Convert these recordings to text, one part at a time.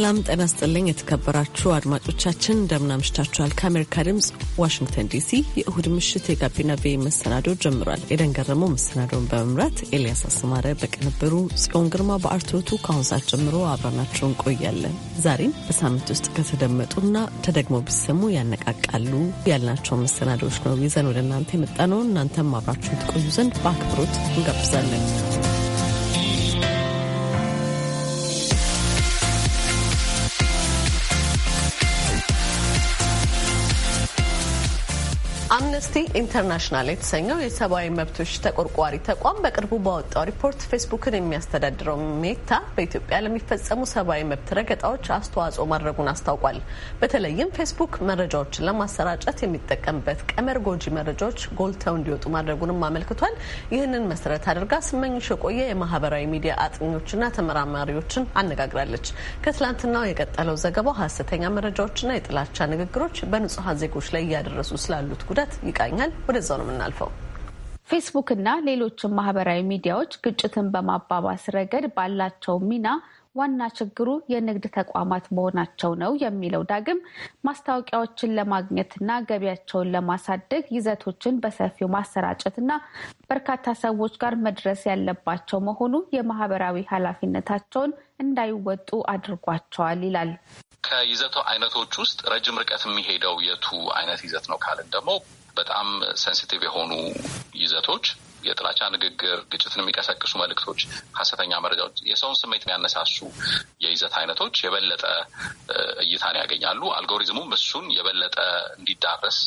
ሰላም ጤና ስጥልኝ። የተከበራችሁ አድማጮቻችን እንደምን አምሽታችኋል? ከአሜሪካ ድምፅ ዋሽንግተን ዲሲ የእሁድ ምሽት የጋቢና ቤ መሰናዶ ጀምሯል። ኤደን ገረሞ መሰናዶውን በመምራት ኤልያስ አስማረ በቅንብሩ፣ ጽዮን ግርማ በአርትዖቱ ከአሁን ሰዓት ጀምሮ አብረናችሁ እንቆያለን። ዛሬም በሳምንት ውስጥ ከተደመጡና ተደግሞ ቢሰሙ ያነቃቃሉ ያልናቸውን መሰናዶዎች ነው ይዘን ወደ እናንተ የመጣነው። እናንተም አብራችሁን ትቆዩ ዘንድ በአክብሮት እንጋብዛለን። አምነስቲ ኢንተርናሽናል የተሰኘው የሰብአዊ መብቶች ተቆርቋሪ ተቋም በቅርቡ ባወጣው ሪፖርት ፌስቡክን የሚያስተዳድረው ሜታ በኢትዮጵያ ለሚፈጸሙ ሰብአዊ መብት ረገጣዎች አስተዋጽኦ ማድረጉን አስታውቋል። በተለይም ፌስቡክ መረጃዎችን ለማሰራጨት የሚጠቀምበት ቀመር ጎጂ መረጃዎች ጎልተው እንዲወጡ ማድረጉንም አመልክቷል። ይህንን መሰረት አድርጋ ስመኝሽ የቆየ የማህበራዊ ሚዲያ አጥኚዎችና ተመራማሪዎችን አነጋግራለች። ከትላንትናው የቀጠለው ዘገባው ሀሰተኛ መረጃዎችና የጥላቻ ንግግሮች በንጹሐን ዜጎች ላይ እያደረሱ ስላሉት ጉዳት ጠይቃኛል። ወደዛው ነው የምናልፈው። ፌስቡክ እና ሌሎችም ማህበራዊ ሚዲያዎች ግጭትን በማባባስ ረገድ ባላቸው ሚና ዋና ችግሩ የንግድ ተቋማት መሆናቸው ነው የሚለው ዳግም ማስታወቂያዎችን ለማግኘትና ገቢያቸውን ለማሳደግ ይዘቶችን በሰፊው ማሰራጨትና በርካታ ሰዎች ጋር መድረስ ያለባቸው መሆኑ የማህበራዊ ኃላፊነታቸውን እንዳይወጡ አድርጓቸዋል ይላል። ከይዘቱ አይነቶች ውስጥ ረጅም ርቀት የሚሄደው የቱ አይነት ይዘት ነው ካልን ደግሞ በጣም ሴንሲቲቭ የሆኑ ይዘቶች የጥላቻ ንግግር፣ ግጭትን የሚቀሰቅሱ መልእክቶች፣ ሀሰተኛ መረጃዎች፣ የሰውን ስሜት የሚያነሳሱ የይዘት አይነቶች የበለጠ እይታን ያገኛሉ። አልጎሪዝሙም እሱን የበለጠ እንዲዳረስ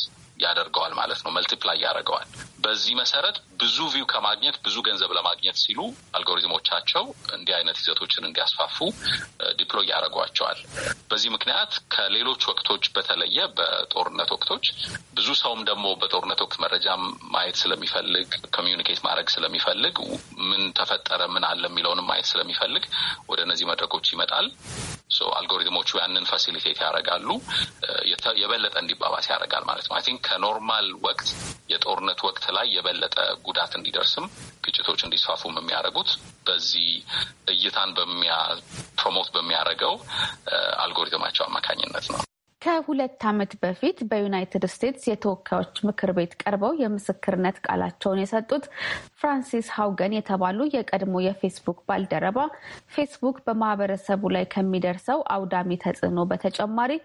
ያደርገዋል ማለት ነው። መልቲፕላይ ያደርገዋል። በዚህ መሰረት ብዙ ቪው ከማግኘት ብዙ ገንዘብ ለማግኘት ሲሉ አልጎሪዝሞቻቸው እንዲህ አይነት ይዘቶችን እንዲያስፋፉ ዲፕሎይ ያደርጓቸዋል። በዚህ ምክንያት ከሌሎች ወቅቶች በተለየ በጦርነት ወቅቶች ብዙ ሰውም ደግሞ በጦርነት ወቅት መረጃ ማየት ስለሚፈልግ ኮሚዩኒኬት ማድረግ ስለሚፈልግ ምን ተፈጠረ ምን አለ የሚለውንም ማየት ስለሚፈልግ ወደ እነዚህ መድረኮች ይመጣል። አልጎሪትሞቹ ያንን ፋሲሊቴት ያደርጋሉ፣ የበለጠ እንዲባባስ ያደርጋል ማለት ነው። አይ ቲንክ ከኖርማል ወቅት የጦርነት ወቅት ላይ የበለጠ ጉዳት እንዲደርስም ግጭቶች እንዲስፋፉም የሚያደርጉት በዚህ እይታን በሚያ ፕሮሞት በሚያደርገው አልጎሪትማቸው አማካኝነት ነው። ከሁለት ዓመት በፊት በዩናይትድ ስቴትስ የተወካዮች ምክር ቤት ቀርበው የምስክርነት ቃላቸውን የሰጡት ፍራንሲስ ሀውገን የተባሉ የቀድሞ የፌስቡክ ባልደረባ ፌስቡክ በማህበረሰቡ ላይ ከሚደርሰው አውዳሚ ተጽዕኖ በተጨማሪ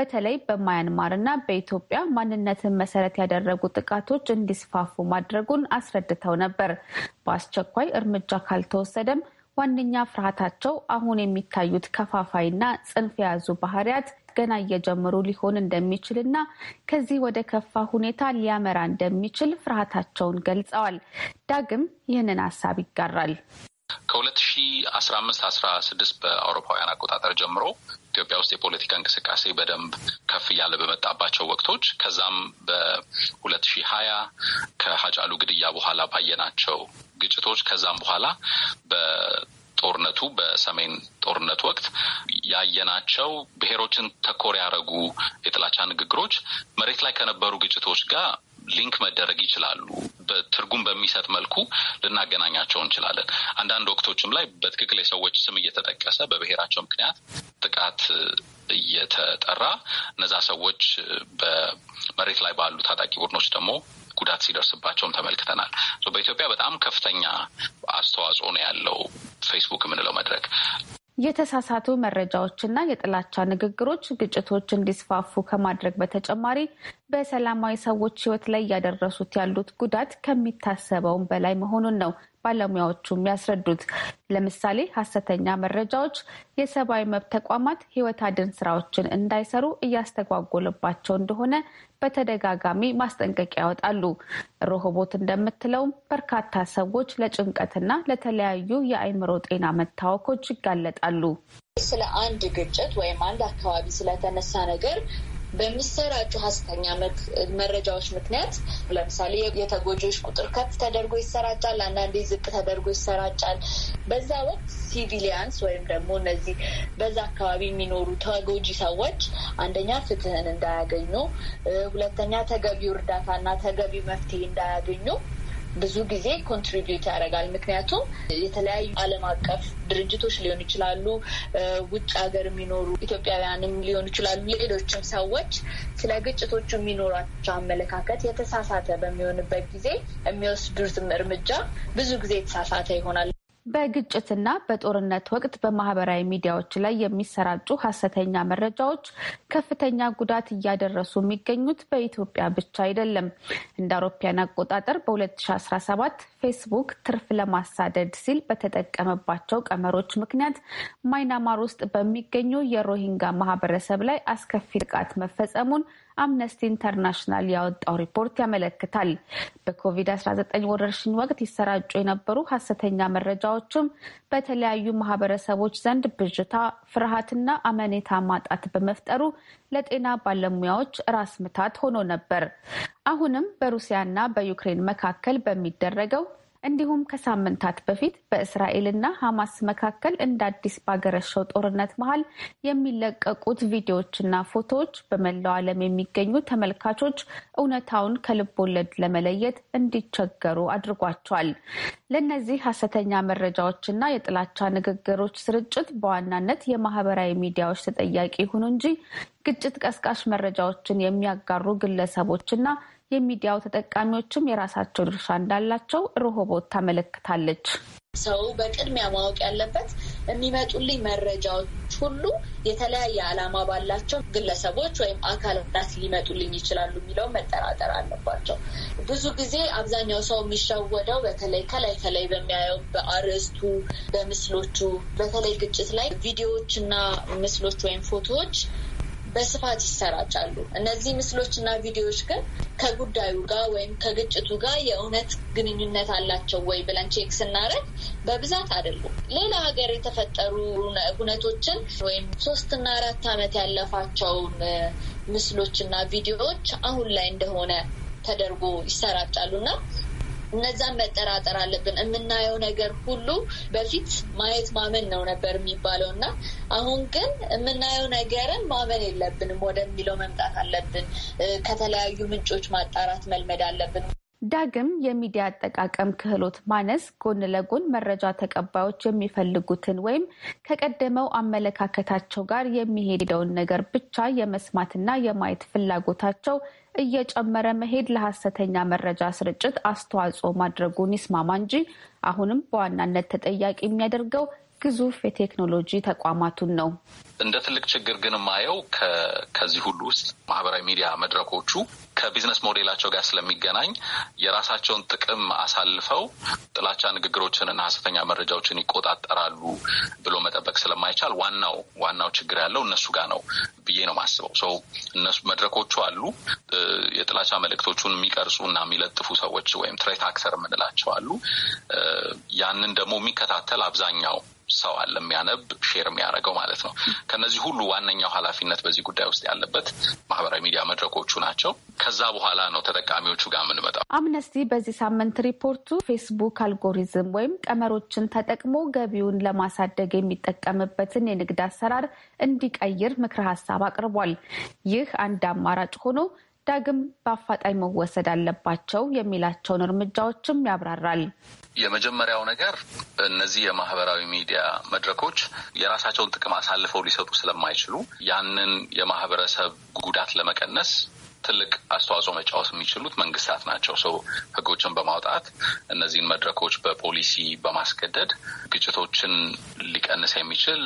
በተለይ በማያንማርና በኢትዮጵያ ማንነትን መሰረት ያደረጉ ጥቃቶች እንዲስፋፉ ማድረጉን አስረድተው ነበር። በአስቸኳይ እርምጃ ካልተወሰደም ዋነኛ ፍርሃታቸው አሁን የሚታዩት ከፋፋይና ጽንፍ የያዙ ባህሪያት ገና እየጀመሩ ሊሆን እንደሚችል እና ከዚህ ወደ ከፋ ሁኔታ ሊያመራ እንደሚችል ፍርሃታቸውን ገልጸዋል። ዳግም ይህንን ሀሳብ ይጋራል። ከ2015 16 በአውሮፓውያን አቆጣጠር ጀምሮ ኢትዮጵያ ውስጥ የፖለቲካ እንቅስቃሴ በደንብ ከፍ እያለ በመጣባቸው ወቅቶች ከዛም በ2020 ከሀጫሉ ግድያ በኋላ ባየናቸው ግጭቶች ከዛም በኋላ ጦርነቱ በሰሜን ጦርነት ወቅት ያየናቸው ብሔሮችን ተኮር ያደረጉ የጥላቻ ንግግሮች መሬት ላይ ከነበሩ ግጭቶች ጋር ሊንክ መደረግ ይችላሉ። በትርጉም በሚሰጥ መልኩ ልናገናኛቸው እንችላለን። አንዳንድ ወቅቶችም ላይ በትክክል የሰዎች ስም እየተጠቀሰ በብሔራቸው ምክንያት ጥቃት እየተጠራ እነዛ ሰዎች በመሬት ላይ ባሉ ታጣቂ ቡድኖች ደግሞ ጉዳት ሲደርስባቸውም ተመልክተናል። በኢትዮጵያ በጣም ከፍተኛ አስተዋጽኦ ነው ያለው ፌስቡክ የምንለው መድረክ። የተሳሳቱ መረጃዎችና የጥላቻ ንግግሮች ግጭቶች እንዲስፋፉ ከማድረግ በተጨማሪ በሰላማዊ ሰዎች ሕይወት ላይ እያደረሱት ያሉት ጉዳት ከሚታሰበውም በላይ መሆኑን ነው ባለሙያዎቹ የሚያስረዱት። ለምሳሌ ሀሰተኛ መረጃዎች የሰብአዊ መብት ተቋማት ህይወት አድን ስራዎችን እንዳይሰሩ እያስተጓጎለባቸው እንደሆነ በተደጋጋሚ ማስጠንቀቂያ ያወጣሉ። ሮሆቦት እንደምትለውም በርካታ ሰዎች ለጭንቀትና ለተለያዩ የአእምሮ ጤና መታወኮች ይጋለጣሉ። ስለ አንድ ግጭት ወይም አንድ አካባቢ ስለተነሳ ነገር በሚሰራጩ ሀሰተኛ መረጃዎች ምክንያት ለምሳሌ የተጎጂዎች ቁጥር ከፍ ተደርጎ ይሰራጫል፣ አንዳንዴ ዝቅ ተደርጎ ይሰራጫል። በዛ ወቅት ሲቪሊያንስ ወይም ደግሞ እነዚህ በዛ አካባቢ የሚኖሩ ተጎጂ ሰዎች አንደኛ ፍትህን እንዳያገኙ፣ ሁለተኛ ተገቢው እርዳታና ተገቢው መፍትሄ እንዳያገኙ ብዙ ጊዜ ኮንትሪቢዩት ያደርጋል። ምክንያቱም የተለያዩ ዓለም አቀፍ ድርጅቶች ሊሆኑ ይችላሉ፣ ውጭ ሀገር የሚኖሩ ኢትዮጵያውያንም ሊሆኑ ይችላሉ። ሌሎችም ሰዎች ስለ ግጭቶቹ የሚኖራቸው አመለካከት የተሳሳተ በሚሆንበት ጊዜ የሚወስዱትም እርምጃ ብዙ ጊዜ የተሳሳተ ይሆናል። በግጭትና በጦርነት ወቅት በማህበራዊ ሚዲያዎች ላይ የሚሰራጩ ሀሰተኛ መረጃዎች ከፍተኛ ጉዳት እያደረሱ የሚገኙት በኢትዮጵያ ብቻ አይደለም። እንደ አውሮፓያን አቆጣጠር በ2017 ፌስቡክ ትርፍ ለማሳደድ ሲል በተጠቀመባቸው ቀመሮች ምክንያት ማይናማር ውስጥ በሚገኙ የሮሂንጋ ማህበረሰብ ላይ አስከፊ ጥቃት መፈጸሙን አምነስቲ ኢንተርናሽናል ያወጣው ሪፖርት ያመለክታል። በኮቪድ-19 ወረርሽኝ ወቅት ይሰራጩ የነበሩ ሀሰተኛ መረጃዎችም በተለያዩ ማህበረሰቦች ዘንድ ብዥታ፣ ፍርሃትና አመኔታ ማጣት በመፍጠሩ ለጤና ባለሙያዎች ራስ ምታት ሆኖ ነበር። አሁንም በሩሲያና በዩክሬን መካከል በሚደረገው እንዲሁም ከሳምንታት በፊት በእስራኤልና ሐማስ መካከል እንደ አዲስ ባገረሸው ጦርነት መሀል የሚለቀቁት ቪዲዮዎችና ፎቶዎች በመላው ዓለም የሚገኙ ተመልካቾች እውነታውን ከልብ ወለድ ለመለየት እንዲቸገሩ አድርጓቸዋል። ለእነዚህ ሀሰተኛ መረጃዎችና የጥላቻ ንግግሮች ስርጭት በዋናነት የማህበራዊ ሚዲያዎች ተጠያቂ ይሁኑ እንጂ ግጭት ቀስቃሽ መረጃዎችን የሚያጋሩ ግለሰቦችና የሚዲያው ተጠቃሚዎችም የራሳቸው ድርሻ እንዳላቸው ሮሆቦት ታመለክታለች። ሰው በቅድሚያ ማወቅ ያለበት የሚመጡልኝ መረጃዎች ሁሉ የተለያየ ዓላማ ባላቸው ግለሰቦች ወይም አካላት ሊመጡልኝ ይችላሉ የሚለው መጠራጠር አለባቸው። ብዙ ጊዜ አብዛኛው ሰው የሚሸወደው በተለይ ከላይ ከላይ በሚያየው በአርዕስቱ፣ በምስሎቹ በተለይ ግጭት ላይ ቪዲዮዎች እና ምስሎች ወይም ፎቶዎች በስፋት ይሰራጫሉ። እነዚህ ምስሎች እና ቪዲዮዎች ግን ከጉዳዩ ጋር ወይም ከግጭቱ ጋር የእውነት ግንኙነት አላቸው ወይ ብለን ቼክ ስናደርግ በብዛት አይደሉም። ሌላ ሀገር የተፈጠሩ እውነቶችን ወይም ሶስት አራት ዓመት ያለፋቸውን ምስሎች እና ቪዲዮዎች አሁን ላይ እንደሆነ ተደርጎ ይሰራጫሉ እና እነዛን መጠራጠር አለብን። የምናየው ነገር ሁሉ በፊት ማየት ማመን ነው ነበር የሚባለው እና አሁን ግን የምናየው ነገርን ማመን የለብንም ወደሚለው መምጣት አለብን። ከተለያዩ ምንጮች ማጣራት መልመድ አለብን። ዳግም የሚዲያ አጠቃቀም ክህሎት ማነስ ጎን ለጎን መረጃ ተቀባዮች የሚፈልጉትን ወይም ከቀደመው አመለካከታቸው ጋር የሚሄደውን ነገር ብቻ የመስማትና የማየት ፍላጎታቸው እየጨመረ መሄድ ለሐሰተኛ መረጃ ስርጭት አስተዋጽኦ ማድረጉን ይስማማ እንጂ አሁንም በዋናነት ተጠያቂ የሚያደርገው ግዙፍ የቴክኖሎጂ ተቋማቱን ነው። እንደ ትልቅ ችግር ግን የማየው ከዚህ ሁሉ ውስጥ ማህበራዊ ሚዲያ መድረኮቹ ከቢዝነስ ሞዴላቸው ጋር ስለሚገናኝ የራሳቸውን ጥቅም አሳልፈው ጥላቻ ንግግሮችን እና ሀሰተኛ መረጃዎችን ይቆጣጠራሉ ብሎ መጠበቅ ስለማይቻል ዋናው ዋናው ችግር ያለው እነሱ ጋር ነው ብዬ ነው የማስበው። ሰው እነሱ መድረኮቹ አሉ። የጥላቻ መልእክቶቹን የሚቀርጹ እና የሚለጥፉ ሰዎች ወይም ትሬት አክተር የምንላቸው አሉ። ያንን ደግሞ የሚከታተል አብዛኛው ሰው አለ የሚያነብ ሼር የሚያደርገው ማለት ነው። ከነዚህ ሁሉ ዋነኛው ኃላፊነት በዚህ ጉዳይ ውስጥ ያለበት ማህበራዊ ሚዲያ መድረኮቹ ናቸው። ከዛ በኋላ ነው ተጠቃሚዎቹ ጋር የምንመጣው። አምነስቲ በዚህ ሳምንት ሪፖርቱ ፌስቡክ አልጎሪዝም ወይም ቀመሮችን ተጠቅሞ ገቢውን ለማሳደግ የሚጠቀምበትን የንግድ አሰራር እንዲቀይር ምክረ ሀሳብ አቅርቧል። ይህ አንድ አማራጭ ሆኖ ዳግም በአፋጣኝ መወሰድ አለባቸው የሚላቸውን እርምጃዎችም ያብራራል። የመጀመሪያው ነገር እነዚህ የማህበራዊ ሚዲያ መድረኮች የራሳቸውን ጥቅም አሳልፈው ሊሰጡ ስለማይችሉ ያንን የማህበረሰብ ጉዳት ለመቀነስ ትልቅ አስተዋጽኦ መጫወት የሚችሉት መንግስታት ናቸው። ሰው ህጎችን በማውጣት እነዚህን መድረኮች በፖሊሲ በማስገደድ ግጭቶችን ሊቀንስ የሚችል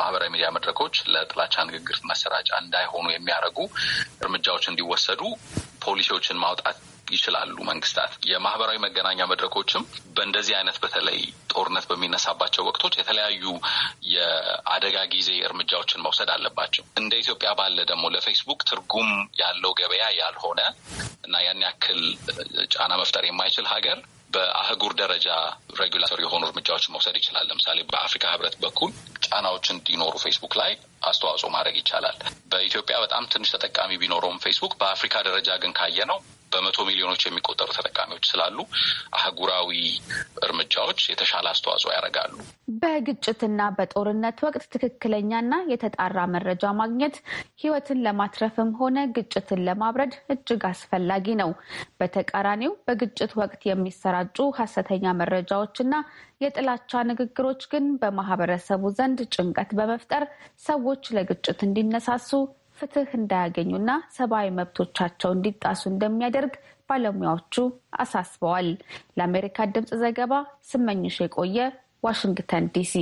ማህበራዊ ሚዲያ መድረኮች ለጥላቻ ንግግር መሰራጫ እንዳይሆኑ የሚያደርጉ እርምጃዎች እንዲወሰዱ ፖሊሲዎችን ማውጣት ይችላሉ መንግስታት። የማህበራዊ መገናኛ መድረኮችም በእንደዚህ አይነት በተለይ ጦርነት በሚነሳባቸው ወቅቶች የተለያዩ የአደጋ ጊዜ እርምጃዎችን መውሰድ አለባቸው። እንደ ኢትዮጵያ ባለ ደግሞ ለፌስቡክ ትርጉም ያለው ገበያ ያልሆነ እና ያን ያክል ጫና መፍጠር የማይችል ሀገር በአህጉር ደረጃ ሬጉላቶሪ የሆኑ እርምጃዎች መውሰድ ይችላል። ለምሳሌ በአፍሪካ ህብረት በኩል ጫናዎች እንዲኖሩ ፌስቡክ ላይ አስተዋጽኦ ማድረግ ይቻላል። በኢትዮጵያ በጣም ትንሽ ተጠቃሚ ቢኖረውም ፌስቡክ በአፍሪካ ደረጃ ግን ካየ ነው በመቶ ሚሊዮኖች የሚቆጠሩ ተጠቃሚዎች ስላሉ አህጉራዊ እርምጃዎች የተሻለ አስተዋጽኦ ያደርጋሉ። በግጭትና በጦርነት ወቅት ትክክለኛና የተጣራ መረጃ ማግኘት ሕይወትን ለማትረፍም ሆነ ግጭትን ለማብረድ እጅግ አስፈላጊ ነው። በተቃራኒው በግጭት ወቅት የሚሰራጩ ሀሰተኛ መረጃዎችና የጥላቻ ንግግሮች ግን በማህበረሰቡ ዘንድ ጭንቀት በመፍጠር ሰዎች ለግጭት እንዲነሳሱ ፍትህ እንዳያገኙና ሰብአዊ መብቶቻቸው እንዲጣሱ እንደሚያደርግ ባለሙያዎቹ አሳስበዋል። ለአሜሪካ ድምፅ ዘገባ ስመኝሽ የቆየ ዋሽንግተን ዲሲ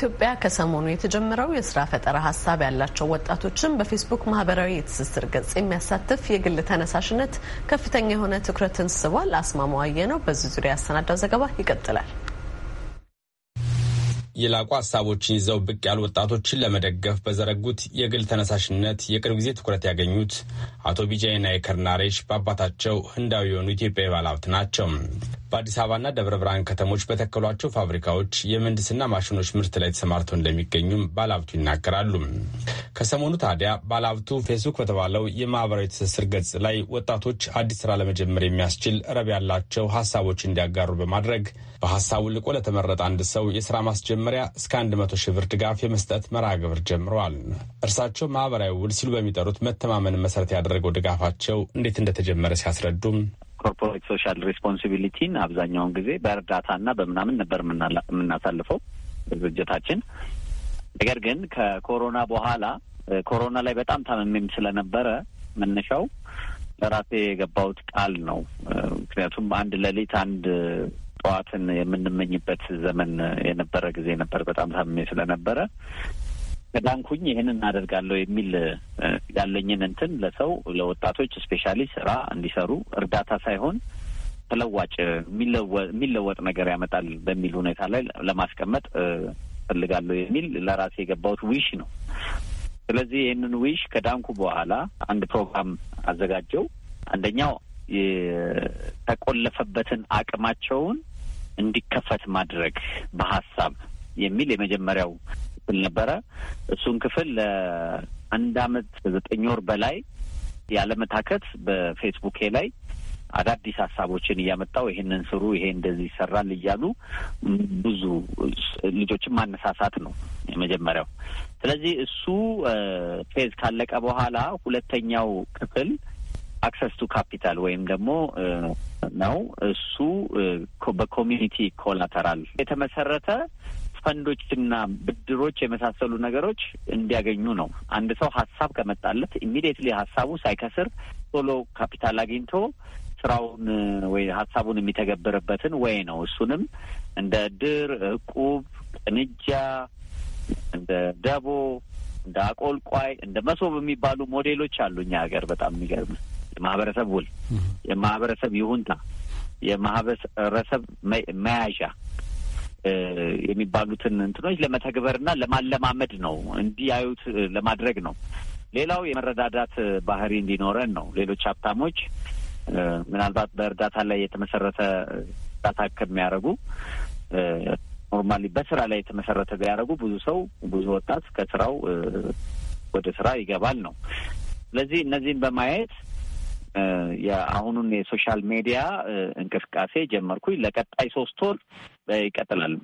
በኢትዮጵያ ከሰሞኑ የተጀመረው የስራ ፈጠራ ሀሳብ ያላቸው ወጣቶችን በፌስቡክ ማህበራዊ የትስስር ገጽ የሚያሳትፍ የግል ተነሳሽነት ከፍተኛ የሆነ ትኩረትን ስቧል። አስማማዋየ ነው በዚህ ዙሪያ ያሰናዳው ዘገባ ይቀጥላል። የላቁ ሀሳቦችን ይዘው ብቅ ያሉ ወጣቶችን ለመደገፍ በዘረጉት የግል ተነሳሽነት የቅርብ ጊዜ ትኩረት ያገኙት አቶ ቢጃይ ናይከር ናሬሽ በአባታቸው ህንዳዊ የሆኑ ኢትዮጵያዊ ባለሀብት ናቸው። በአዲስ አበባና ደብረ ብርሃን ከተሞች በተከሏቸው ፋብሪካዎች የምህንድስና ማሽኖች ምርት ላይ ተሰማርተው እንደሚገኙም ባለሀብቱ ይናገራሉ። ከሰሞኑ ታዲያ ባለሀብቱ ፌስቡክ በተባለው የማህበራዊ ትስስር ገጽ ላይ ወጣቶች አዲስ ስራ ለመጀመር የሚያስችል ረብ ያላቸው ሀሳቦች እንዲያጋሩ በማድረግ በሀሳቡ ልቆ ለተመረጠ አንድ ሰው የስራ ማስጀመሪያ እስከ አንድ መቶ ሺህ ብር ድጋፍ የመስጠት መርሃ ግብር ጀምረዋል። እርሳቸው ማህበራዊ ውል ሲሉ በሚጠሩት መተማመን መሰረት ያደ ያደረገው ድጋፋቸው እንዴት እንደተጀመረ ሲያስረዱም ኮርፖሬት ሶሻል ሬስፖንሲቢሊቲን አብዛኛውን ጊዜ በእርዳታና በምናምን ነበር የምናሳልፈው ድርጅታችን። ነገር ግን ከኮሮና በኋላ ኮሮና ላይ በጣም ታመሜም ስለነበረ መነሻው ለራሴ የገባሁት ቃል ነው። ምክንያቱም አንድ ሌሊት አንድ ጠዋትን የምንመኝበት ዘመን የነበረ ጊዜ ነበር። በጣም ታመሜ ስለነበረ ከዳንኩኝ ይህን እናደርጋለሁ የሚል ያለኝን እንትን ለሰው ለወጣቶች ስፔሻሊ ስራ እንዲሰሩ እርዳታ ሳይሆን ተለዋጭ የሚለወጥ ነገር ያመጣል በሚል ሁኔታ ላይ ለማስቀመጥ ፈልጋለሁ የሚል ለራሴ የገባሁት ዊሽ ነው። ስለዚህ ይህንን ዊሽ ከዳንኩ በኋላ አንድ ፕሮግራም አዘጋጀው። አንደኛው የተቆለፈበትን አቅማቸውን እንዲከፈት ማድረግ በሀሳብ የሚል የመጀመሪያው ክፍል ነበረ። እሱን ክፍል ለአንድ አመት ዘጠኝ ወር በላይ ያለመታከት በፌስቡኬ ላይ አዳዲስ ሀሳቦችን እያመጣው ይሄንን ስሩ፣ ይሄ እንደዚህ ይሰራል እያሉ ብዙ ልጆችን ማነሳሳት ነው የመጀመሪያው። ስለዚህ እሱ ፌዝ ካለቀ በኋላ ሁለተኛው ክፍል አክሰስ ቱ ካፒታል ወይም ደግሞ ነው እሱ በኮሚኒቲ ኮላተራል የተመሰረተ ፈንዶችና ብድሮች የመሳሰሉ ነገሮች እንዲያገኙ ነው። አንድ ሰው ሀሳብ ከመጣለት ኢሚዲየትሊ ሀሳቡ ሳይከስር ቶሎ ካፒታል አግኝቶ ስራውን ወይ ሀሳቡን የሚተገብርበትን ወይ ነው። እሱንም እንደ ድር፣ እቁብ፣ ቅንጃ፣ እንደ ደቦ፣ እንደ አቆልቋይ፣ እንደ መሶብ የሚባሉ ሞዴሎች አሉ እኛ ሀገር በጣም የሚገርም የማህበረሰብ ውል፣ የማህበረሰብ ይሁንታ፣ የማህበረሰብ መያዣ የሚባሉትን እንትኖች ለመተግበርና ለማለማመድ ነው፣ እንዲያዩት ለማድረግ ነው። ሌላው የመረዳዳት ባህሪ እንዲኖረን ነው። ሌሎች ሀብታሞች ምናልባት በእርዳታ ላይ የተመሰረተ እርዳታ ከሚያደርጉ ኖርማሊ በስራ ላይ የተመሰረተ ቢያደርጉ ብዙ ሰው ብዙ ወጣት ከስራው ወደ ስራ ይገባል ነው። ስለዚህ እነዚህን በማየት የአሁኑን የሶሻል ሜዲያ እንቅስቃሴ ጀመርኩኝ። ለቀጣይ ሶስት ወር ይቀጥላል።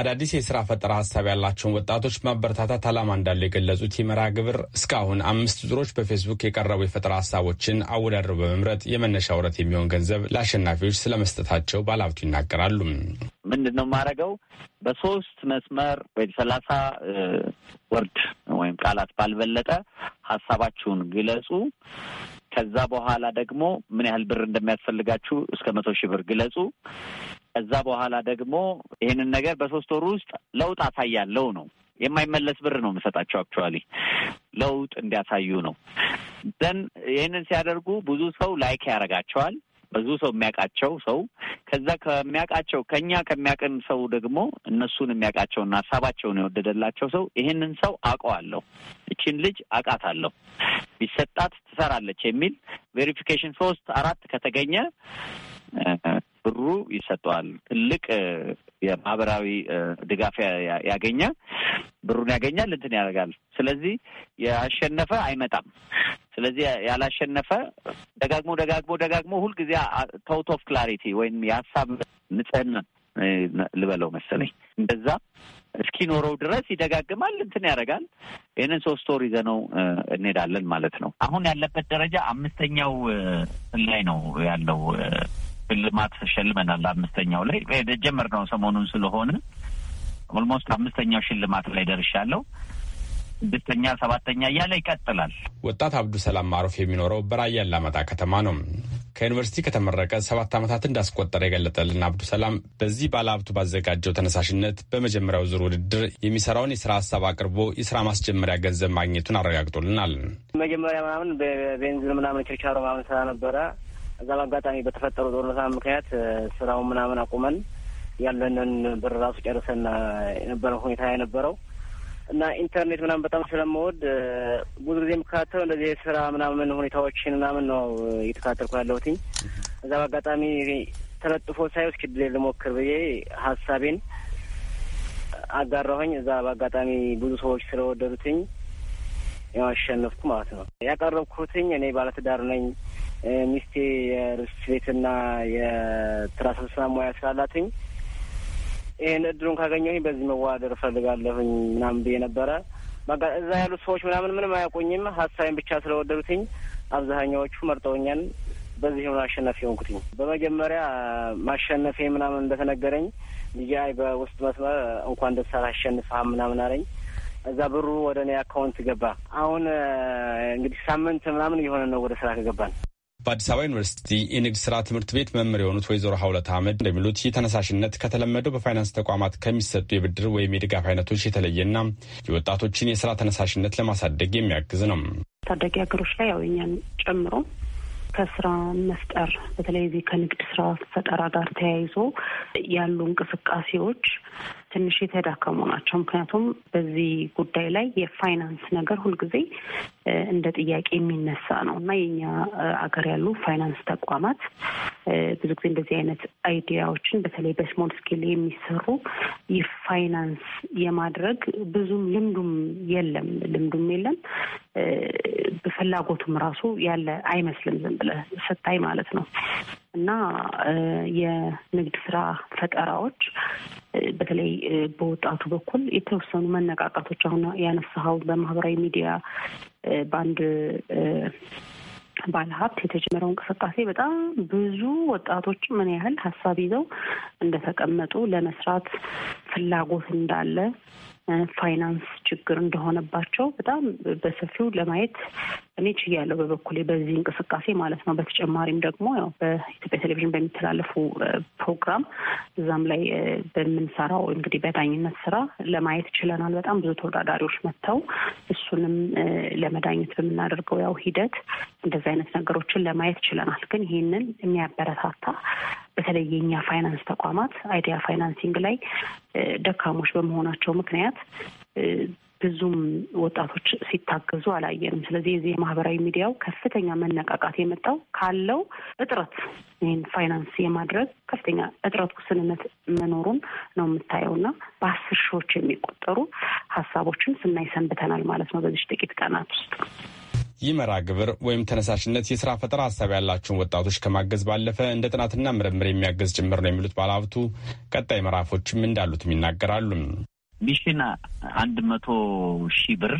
አዳዲስ የስራ ፈጠራ ሀሳብ ያላቸውን ወጣቶች ማበረታታት አላማ እንዳለው የገለጹት የመራ ግብር እስካሁን አምስት ዙሮች በፌስቡክ የቀረቡ የፈጠራ ሀሳቦችን አወዳድረው በመምረጥ የመነሻ ውረት የሚሆን ገንዘብ ለአሸናፊዎች ስለመስጠታቸው ባለሀብቱ ይናገራሉ። ምንድን ነው የማደርገው? በሶስት መስመር ወይ ሰላሳ ወርድ ወይም ቃላት ባልበለጠ ሀሳባችሁን ግለጹ ከዛ በኋላ ደግሞ ምን ያህል ብር እንደሚያስፈልጋችሁ እስከ መቶ ሺህ ብር ግለጹ። ከዛ በኋላ ደግሞ ይህንን ነገር በሶስት ወር ውስጥ ለውጥ አሳያለው ነው የማይመለስ ብር ነው የምሰጣቸው። አክቹዋሊ ለውጥ እንዲያሳዩ ነው። ዘን ይህንን ሲያደርጉ ብዙ ሰው ላይክ ያደርጋቸዋል። ብዙ ሰው የሚያውቃቸው ሰው ከዛ ከሚያውቃቸው ከኛ ከሚያቀን ሰው ደግሞ እነሱን የሚያውቃቸውና ሀሳባቸውን የወደደላቸው ሰው ይህንን ሰው አውቀዋለሁ፣ እችን ልጅ አውቃታለሁ፣ ቢሰጣት ትሰራለች የሚል ቬሪፊኬሽን ሶስት አራት ከተገኘ ብሩ ይሰጠዋል። ትልቅ የማህበራዊ ድጋፍ ያገኘ ብሩን ያገኛል፣ እንትን ያደርጋል። ስለዚህ ያሸነፈ አይመጣም። ስለዚህ ያላሸነፈ ደጋግሞ ደጋግሞ ደጋግሞ ሁልጊዜ ታውት ኦፍ ክላሪቲ ወይም የሀሳብ ንጽህና ልበለው መሰለኝ እንደዛ እስኪኖረው ድረስ ይደጋግማል፣ እንትን ያደርጋል። ይህንን ሶስት ወር ይዘነው እንሄዳለን ማለት ነው። አሁን ያለበት ደረጃ አምስተኛው ላይ ነው ያለው። ሽልማት ሸልመናል። አምስተኛው ላይ የጀመርነው ሰሞኑን ስለሆነ ኦልሞስት አምስተኛው ሽልማት ላይ ደርሻለሁ። ስድስተኛ፣ ሰባተኛ እያለ ይቀጥላል። ወጣት አብዱ ሰላም ማሩፍ የሚኖረው በራያ አላማጣ ከተማ ነው። ከዩኒቨርሲቲ ከተመረቀ ሰባት ዓመታት እንዳስቆጠረ የገለጠልን አብዱ ሰላም በዚህ ባለሀብቱ ባዘጋጀው ተነሳሽነት በመጀመሪያው ዙር ውድድር የሚሰራውን የስራ ሀሳብ አቅርቦ የስራ ማስጀመሪያ ገንዘብ ማግኘቱን አረጋግጦልናል። መጀመሪያ ምናምን በቤንዚን ምናምን ችርቻሮ ምናምን ስራ ነበረ። እዛም አጋጣሚ በተፈጠሩ ጦርነት ምክንያት ስራውን ምናምን አቁመን ያለንን ብር ራሱ ጨርሰን የነበረ ሁኔታ የነበረው እና ኢንተርኔት ምናምን በጣም ስለምወድ ብዙ ጊዜ የምከታተለው እንደዚህ የስራ ምናምን ሁኔታዎችን ምናምን ነው እየተከታተልኩ ያለሁትኝ። እዛ በአጋጣሚ ተለጥፎ ሳይ እስኪ ድሌ ልሞክር ብዬ ሀሳቤን አጋራሁኝ። እዛ በአጋጣሚ ብዙ ሰዎች ስለወደዱትኝ ያው አሸነፍኩ ማለት ነው። ያቀረብኩትኝ እኔ ባለትዳር ነኝ፣ ሚስቴ የርስት ቤትና የትራንስፖርት ሙያ ስላላትኝ ይህን እድሉን ካገኘሁኝ በዚህ መዋደር እፈልጋለሁኝ ምናምን ብዬ ነበረ። በቃ እዛ ያሉት ሰዎች ምናምን ምንም አያውቁኝም። ሀሳቤን ብቻ ስለወደዱትኝ አብዛኛዎቹ መርጠውኛን በዚህ ሆኖ አሸናፊ ሆንኩትኝ። በመጀመሪያ ማሸነፌ ምናምን እንደተነገረኝ ልጃይ በውስጥ መስመር እንኳን ደስ አለህ አሸንፈሃል ምናምን አለኝ። እዛ ብሩ ወደ እኔ አካውንት ገባ። አሁን እንግዲህ ሳምንት ምናምን እየሆነ ነው ወደ ስራ ከገባን በአዲስ አበባ ዩኒቨርሲቲ የንግድ ስራ ትምህርት ቤት መምህር የሆኑት ወይዘሮ ሀውለት አህመድ እንደሚሉት ይህ ተነሳሽነት ከተለመደው በፋይናንስ ተቋማት ከሚሰጡ የብድር ወይም የድጋፍ አይነቶች የተለየና የወጣቶችን የስራ ተነሳሽነት ለማሳደግ የሚያግዝ ነው። ታዳጊ ሀገሮች ላይ ያው ጨምሮ ከስራ መፍጠር በተለይ እዚህ ከንግድ ስራ ፈጠራ ጋር ተያይዞ ያሉ እንቅስቃሴዎች ትንሽ የተዳከሙ ናቸው። ምክንያቱም በዚህ ጉዳይ ላይ የፋይናንስ ነገር ሁልጊዜ እንደ ጥያቄ የሚነሳ ነው እና የኛ አገር ያሉ ፋይናንስ ተቋማት ብዙ ጊዜ እንደዚህ አይነት አይዲያዎችን በተለይ በስሞል ስኬል የሚሰሩ ፋይናንስ የማድረግ ብዙም ልምዱም የለም ልምዱም የለም በፍላጎቱም ራሱ ያለ አይመስልም ዝም ብለህ ስታይ ማለት ነው እና የንግድ ስራ ፈጠራዎች በተለይ በወጣቱ በኩል የተወሰኑ መነቃቃቶች አሁን ያነሳኸው በማህበራዊ ሚዲያ በአንድ ባለሀብት የተጀመረው እንቅስቃሴ በጣም ብዙ ወጣቶች ምን ያህል ሀሳብ ይዘው እንደተቀመጡ ለመስራት ፍላጎት እንዳለ ፋይናንስ ችግር እንደሆነባቸው በጣም በሰፊው ለማየት እኔ ችያለሁ በበኩሌ በዚህ እንቅስቃሴ ማለት ነው። በተጨማሪም ደግሞ ያው በኢትዮጵያ ቴሌቪዥን በሚተላለፉ ፕሮግራም እዛም ላይ በምንሰራው እንግዲህ በዳኝነት ስራ ለማየት ችለናል። በጣም ብዙ ተወዳዳሪዎች መጥተው እሱንም ለመዳኘት በምናደርገው ያው ሂደት እንደዚህ አይነት ነገሮችን ለማየት ችለናል። ግን ይህንን የሚያበረታታ በተለይ የኛ ፋይናንስ ተቋማት አይዲያ ፋይናንሲንግ ላይ ደካሞች በመሆናቸው ምክንያት ብዙም ወጣቶች ሲታገዙ አላየንም። ስለዚህ የዚህ ማህበራዊ ሚዲያው ከፍተኛ መነቃቃት የመጣው ካለው እጥረት ይህን ፋይናንስ የማድረግ ከፍተኛ እጥረት ውስንነት መኖሩን ነው የምታየው እና በአስር ሺዎች የሚቆጠሩ ሀሳቦችን ስናይ ሰንብተናል ማለት ነው በዚህ ጥቂት ቀናት ውስጥ። ይህ ግብር ወይም ተነሳሽነት የስራ ፈጠራ ሀሳብ ያላቸውን ወጣቶች ከማገዝ ባለፈ እንደ ጥናትና ምርምር የሚያገዝ ጭምር ነው የሚሉት ባለሀብቱ፣ ቀጣይ ምዕራፎችም እንዳሉትም ይናገራሉ። ሚሽን አንድ መቶ ሺህ ብር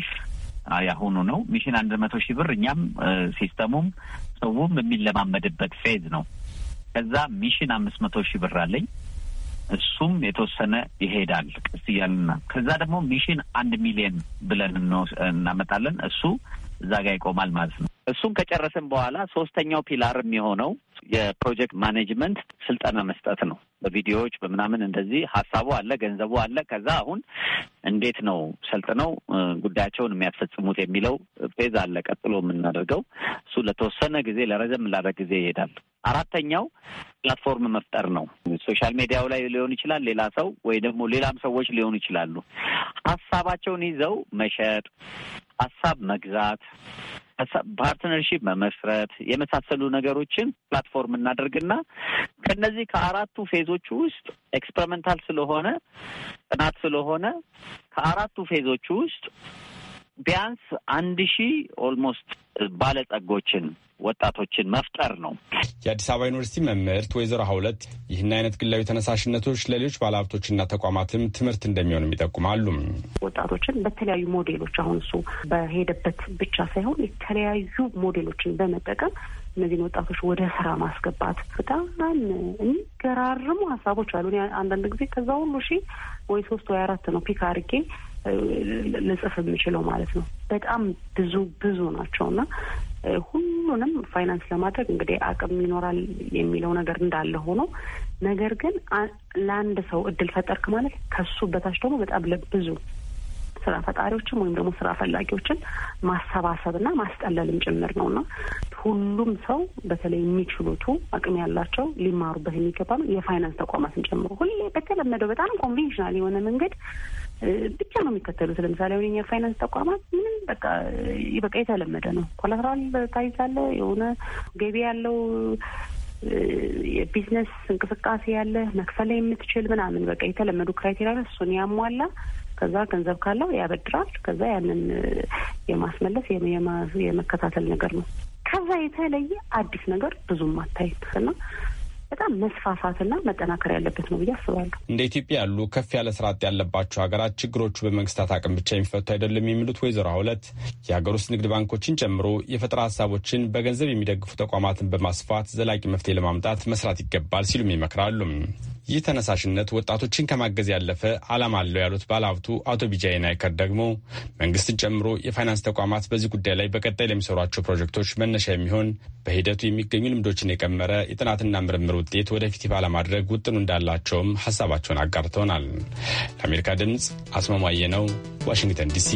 ያሁኑ ነው። ሚሽን አንድ መቶ ሺህ ብር እኛም ሲስተሙም ሰውም የሚለማመድበት ፌዝ ነው። ከዛ ሚሽን አምስት መቶ ሺህ ብር አለኝ። እሱም የተወሰነ ይሄዳል ቀስ እያልና ከዛ ደግሞ ሚሽን አንድ ሚሊየን ብለን እናመጣለን። እሱ እዛ ጋር ይቆማል ማለት ነው። እሱን ከጨረስን በኋላ ሶስተኛው ፒላር የሚሆነው የፕሮጀክት ማኔጅመንት ስልጠና መስጠት ነው። በቪዲዮዎች በምናምን እንደዚህ ሀሳቡ አለ፣ ገንዘቡ አለ። ከዛ አሁን እንዴት ነው ሰልጥነው ጉዳያቸውን የሚያስፈጽሙት የሚለው ፌዝ አለ። ቀጥሎ የምናደርገው እሱ ለተወሰነ ጊዜ ለረዘም ላለ ጊዜ ይሄዳል። አራተኛው ፕላትፎርም መፍጠር ነው። ሶሻል ሚዲያው ላይ ሊሆን ይችላል፣ ሌላ ሰው ወይ ደግሞ ሌላም ሰዎች ሊሆኑ ይችላሉ። ሀሳባቸውን ይዘው መሸጥ ሀሳብ መግዛት፣ ፓርትነርሺፕ መመስረት የመሳሰሉ ነገሮችን ፕላትፎርም እናደርግና ከነዚህ ከአራቱ ፌዞች ውስጥ ኤክስፐሪመንታል ስለሆነ ጥናት ስለሆነ ከአራቱ ፌዞች ውስጥ ቢያንስ አንድ ሺህ ኦልሞስት ባለጸጎችን ወጣቶችን መፍጠር ነው። የአዲስ አበባ ዩኒቨርሲቲ መምህርት ወይዘሮ ሀውለት ይህን አይነት ግላዊ ተነሳሽነቶች ለሌሎች ባለሀብቶችና ተቋማትም ትምህርት እንደሚሆንም ይጠቁማሉ። ወጣቶችን በተለያዩ ሞዴሎች አሁን እሱ በሄደበት ብቻ ሳይሆን የተለያዩ ሞዴሎችን በመጠቀም እነዚህን ወጣቶች ወደ ስራ ማስገባት በጣም የሚገራርሙ ሀሳቦች አሉ። አንዳንድ ጊዜ ከዛ ሁሉ ሺ ወይ ሶስት ወይ አራት ነው ፒክ አድርጌ ልጽፍ የምችለው ማለት ነው። በጣም ብዙ ብዙ ናቸው እና ሁሉንም ፋይናንስ ለማድረግ እንግዲህ አቅም ይኖራል የሚለው ነገር እንዳለ ሆኖ ነገር ግን ለአንድ ሰው እድል ፈጠርክ ማለት ከሱ በታች ደግሞ በጣም ለብዙ ስራ ፈጣሪዎችን ወይም ደግሞ ስራ ፈላጊዎችን ማሰባሰብና ማስጠለልም ጭምር ነው እና ሁሉም ሰው በተለይ የሚችሉቱ አቅም ያላቸው ሊማሩበት የሚገባ ነው። የፋይናንስ ተቋማትን ጨምሮ ሁሌ በተለመደው በጣም ኮንቬንሽናል የሆነ መንገድ ብቻ ነው የሚከተሉት። ለምሳሌ አሁን የፋይናንስ ተቋማት ምንም በቃ በቃ የተለመደ ነው። ኮላትራል ታይዝ የሆነ ገቢ ያለው የቢዝነስ እንቅስቃሴ ያለ መክፈል የምትችል ምናምን በቃ የተለመዱ ክራይቴሪያ እሱን ያሟላ ከዛ ገንዘብ ካለው ያበድራል። ከዛ ያንን የማስመለስ የመከታተል ነገር ነው። ከዛ የተለየ አዲስ ነገር ብዙም አታይም እና በጣም መስፋፋትና መጠናከር ያለበት ነው ብዬ አስባለሁ። እንደ ኢትዮጵያ ያሉ ከፍ ያለ ስርዓት ያለባቸው ሀገራት ችግሮቹ በመንግስታት አቅም ብቻ የሚፈቱ አይደለም የሚሉት ወይዘሮ ሁለት የሀገር ውስጥ ንግድ ባንኮችን ጨምሮ የፈጠራ ሀሳቦችን በገንዘብ የሚደግፉ ተቋማትን በማስፋት ዘላቂ መፍትሄ ለማምጣት መስራት ይገባል ሲሉም ይመክራሉ። ይህ ተነሳሽነት ወጣቶችን ከማገዝ ያለፈ ዓላማ አለው ያሉት ባለሀብቱ አቶ ቢጃይ ናይከር ደግሞ መንግስትን ጨምሮ የፋይናንስ ተቋማት በዚህ ጉዳይ ላይ በቀጣይ ለሚሰሯቸው ፕሮጀክቶች መነሻ የሚሆን በሂደቱ የሚገኙ ልምዶችን የቀመረ የጥናትና ምርምር ውጤት ወደፊት ይፋ ለማድረግ ውጥኑ እንዳላቸውም ሀሳባቸውን አጋርተውናል። ለአሜሪካ ድምፅ አስማማየ ነው፣ ዋሽንግተን ዲሲ።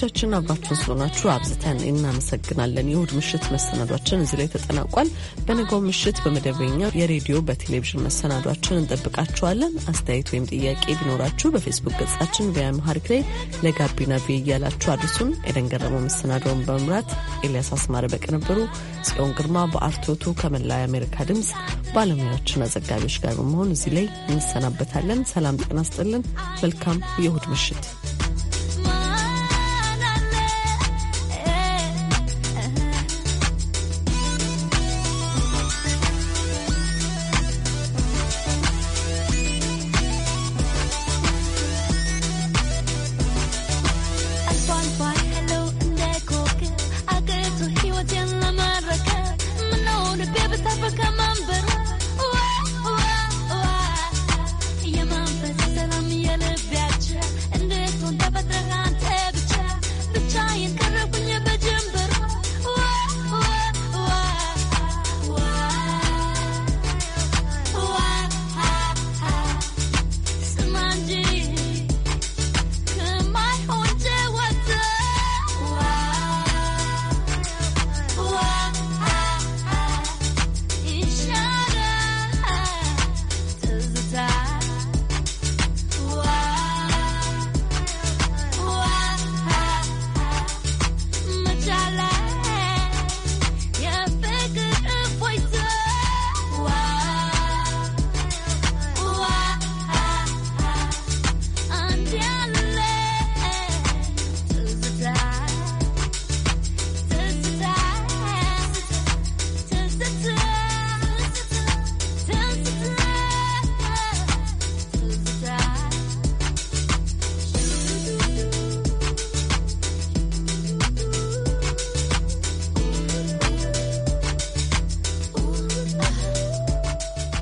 አድማጮቻችን አብራችሁን ስለሆናችሁ አብዝተን እናመሰግናለን። የእሁድ ምሽት መሰናዷችን እዚህ ላይ ተጠናቋል። በነገው ምሽት በመደበኛ የሬዲዮ በቴሌቪዥን መሰናዷችን እንጠብቃችኋለን። አስተያየት ወይም ጥያቄ ቢኖራችሁ በፌስቡክ ገጻችን ቪያምሃሪክ ላይ ለጋቢና ቪ እያላችሁ አድርሱን። ኤደን ገረመው በመምራት ኤልያስ አስማረ በቅንብሩ፣ ጽዮን ግርማ በአርቶቱ ከመላ የአሜሪካ ድምፅ ባለሙያዎችና ዘጋቢዎች ጋር በመሆን እዚህ ላይ እንሰናበታለን። ሰላም ጤና ስጥልን። መልካም የእሁድ ምሽት